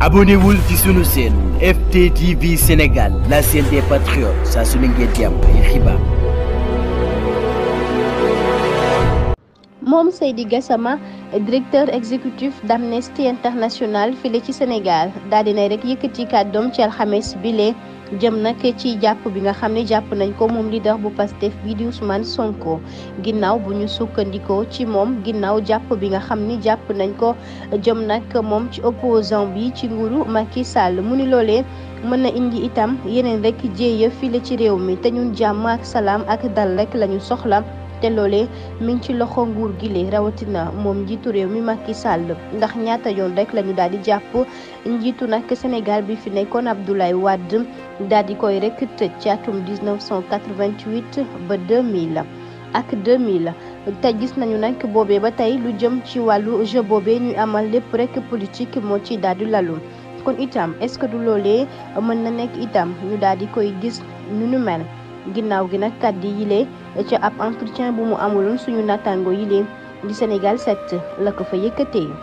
abonnez-vous ci chaîne FTTV Sénégal la chaîne des patriotes Ça, se ne ngeen moom Seydi Gassama directeur exécutif d'Amnesty International file ci Sénégal daal dinay rek yëkkati kàddoom ci alxames bile jëm nag ci jàpp bi nga xam ne jàpp nañ ko moom leader bu Pastef bi di Ousmane Sonko ginnaaw bu ñu sukkandikoo ci moom ginnaaw jàpp bi nga xam ni jàpp nañ ko jëm nag moom ci opposant bi ci nguuru Macky sàll mu ni loolee mën na indi itam yeneen rek jéeya file ci réew mi te ñun jàmm ak salaam ak dal rek lañu soxla te loole mi ngi ci loxo nguur gi rawatina moom njiitu réew mi mag Macky sàll ndax ñaata yoon rek la ñu daal di jàpp njiitu nag Sénégal bi fi nekkoon Abdoulaye Wade daal di koy rek tëj ci atum 1988 ba 2000 ak 2000. te gis nañu nag boobe ba tey lu jëm ci wàllu jeu boobee ñuy amal lépp rek politique moo ci daal di lalu kon itam est-ce que du loolee mën na nekk itam ñu daal di koy gis nu nu mel. ginnaaw gi nag kàddu yile ca ab entretien bu mu amuloon suñu nattaango yile di Sénégal 7 la ko fa yëkkatee.